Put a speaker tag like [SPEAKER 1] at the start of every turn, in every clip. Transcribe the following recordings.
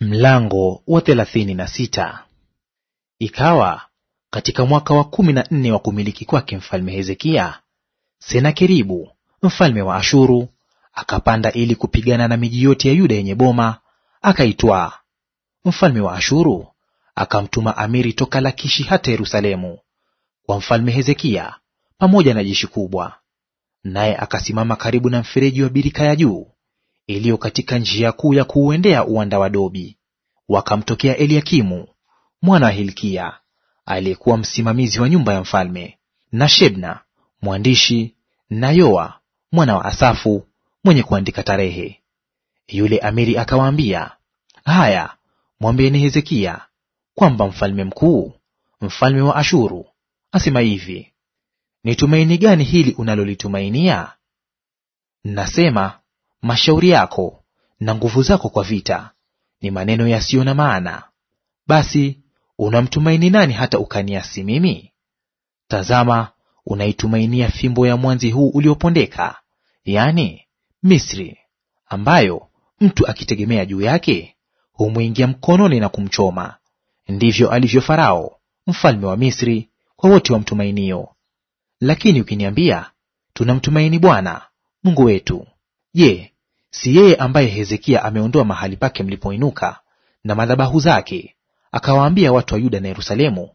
[SPEAKER 1] Mlango wa thelathini na sita. Ikawa katika mwaka wa kumi na nne wa kumiliki kwake mfalme Hezekia, Senakeribu mfalme wa Ashuru akapanda ili kupigana na miji yote ya Yuda yenye boma, akaitwaa. Mfalme wa Ashuru akamtuma amiri toka Lakishi hata Yerusalemu kwa mfalme Hezekia pamoja na jeshi kubwa, naye akasimama karibu na mfereji wa birika ya juu iliyo katika njia kuu ya kuuendea uwanda wa Dobi. Wakamtokea Eliakimu mwana wa Hilkia aliyekuwa msimamizi wa nyumba ya mfalme, na Shebna mwandishi, na Yoa mwana wa Asafu mwenye kuandika tarehe. Yule amiri akawaambia, haya mwambieni Hezekia kwamba mfalme mkuu, mfalme wa Ashuru asema hivi, ni tumaini gani hili unalolitumainia? Nasema, Mashauri yako na nguvu zako kwa vita ni maneno yasiyo na maana. Basi unamtumaini nani hata ukaniasi mimi? Tazama, unaitumainia fimbo ya mwanzi huu uliopondeka, yaani Misri, ambayo mtu akitegemea juu yake humwingia mkononi na kumchoma. Ndivyo alivyo Farao mfalme wa Misri kwa wote wamtumainio. Lakini ukiniambia tunamtumaini Bwana Mungu wetu, Je, si yeye ambaye Hezekia ameondoa mahali pake mlipoinuka na madhabahu zake, akawaambia watu wa Yuda na Yerusalemu,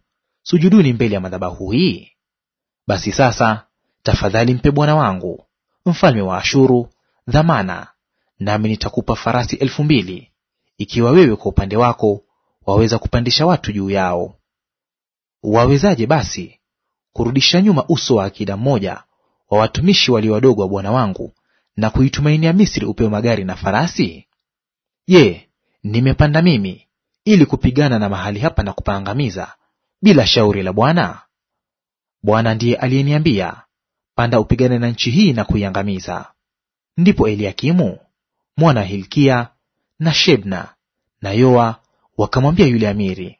[SPEAKER 1] sujuduni mbele ya madhabahu hii? Basi sasa tafadhali mpe bwana wangu mfalme wa Ashuru dhamana, nami nitakupa farasi elfu mbili ikiwa wewe kwa upande wako waweza kupandisha watu juu yao. Wawezaje basi kurudisha nyuma uso wa akida mmoja wa watumishi walio wadogo wa bwana wangu na kuitumainia Misri upeo magari na farasi? Je, nimepanda mimi ili kupigana na mahali hapa na kupaangamiza bila shauri la Bwana? Bwana ndiye aliyeniambia, panda upigane na nchi hii na kuiangamiza. Ndipo Eliakimu mwana wa Hilkia na Shebna na Yoa wakamwambia yule amiri,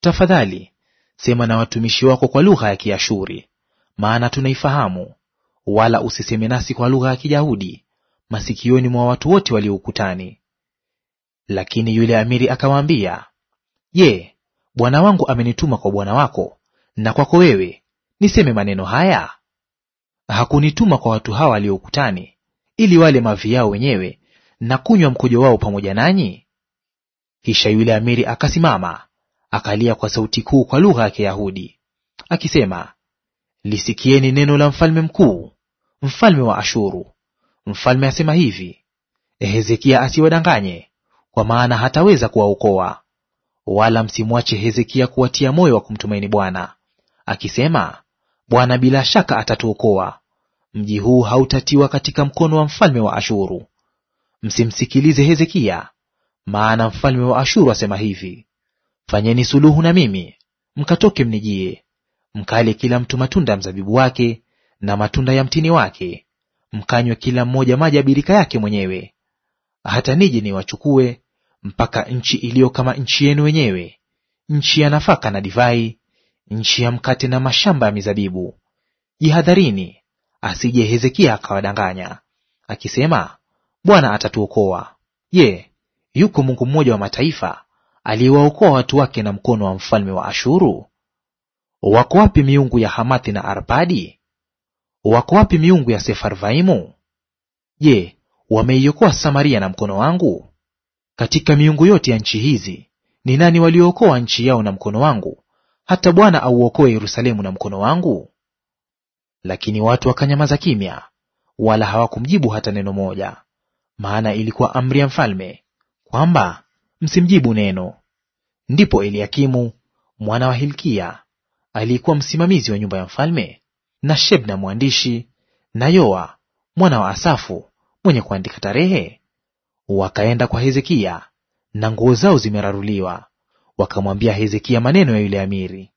[SPEAKER 1] tafadhali sema na watumishi wako kwa lugha ya Kiashuri, maana tunaifahamu wala usiseme nasi kwa lugha ya Kijahudi masikioni mwa watu wote walioukutani Lakini yule amiri akawaambia, Je, bwana wangu amenituma kwa bwana wako na kwako wewe niseme maneno haya? Hakunituma kwa watu hawa walioukutani ili wale mavi yao wenyewe na kunywa mkojo wao pamoja nanyi? Kisha yule amiri akasimama akalia kwa sauti kuu kwa lugha ya Kiyahudi akisema, lisikieni neno la mfalme mkuu mfalme wa Ashuru. Mfalme asema hivi, Hezekia asiwadanganye, kwa maana hataweza kuwaokoa. Wala msimwache Hezekia kuwatia moyo wa kumtumaini Bwana, akisema, Bwana bila shaka atatuokoa. Mji huu hautatiwa katika mkono wa mfalme wa Ashuru. Msimsikilize Hezekia, maana mfalme wa Ashuru asema hivi, fanyeni suluhu na mimi, mkatoke mnijie, mkale kila mtu matunda mzabibu wake na matunda ya mtini wake, mkanywe kila mmoja maji ya birika yake mwenyewe, hata nije niwachukue mpaka nchi iliyo kama nchi yenu wenyewe, nchi ya nafaka na divai, nchi ya mkate na mashamba ya mizabibu. Jihadharini, asije Hezekia akawadanganya akisema, Bwana atatuokoa. Je, yuko Mungu mmoja wa mataifa aliyewaokoa watu wake na mkono wa mfalme wa Ashuru? Wako wapi miungu ya Hamathi na Arpadi Wako wapi miungu ya Sefarvaimu? Je, wameiokoa Samaria na mkono wangu? Katika miungu yote ya nchi hizi ni nani waliookoa nchi yao na mkono wangu, hata Bwana auokoe Yerusalemu na mkono wangu? Lakini watu wakanyamaza kimya, wala hawakumjibu hata neno moja, maana ilikuwa amri ya mfalme kwamba msimjibu neno. Ndipo Eliakimu mwana wa Hilkia aliyekuwa msimamizi wa nyumba ya mfalme na Shebna mwandishi na Yoa mwana wa Asafu mwenye kuandika tarehe? Wakaenda kwa Hezekia na nguo zao zimeraruliwa, wakamwambia Hezekia maneno ya yule amiri.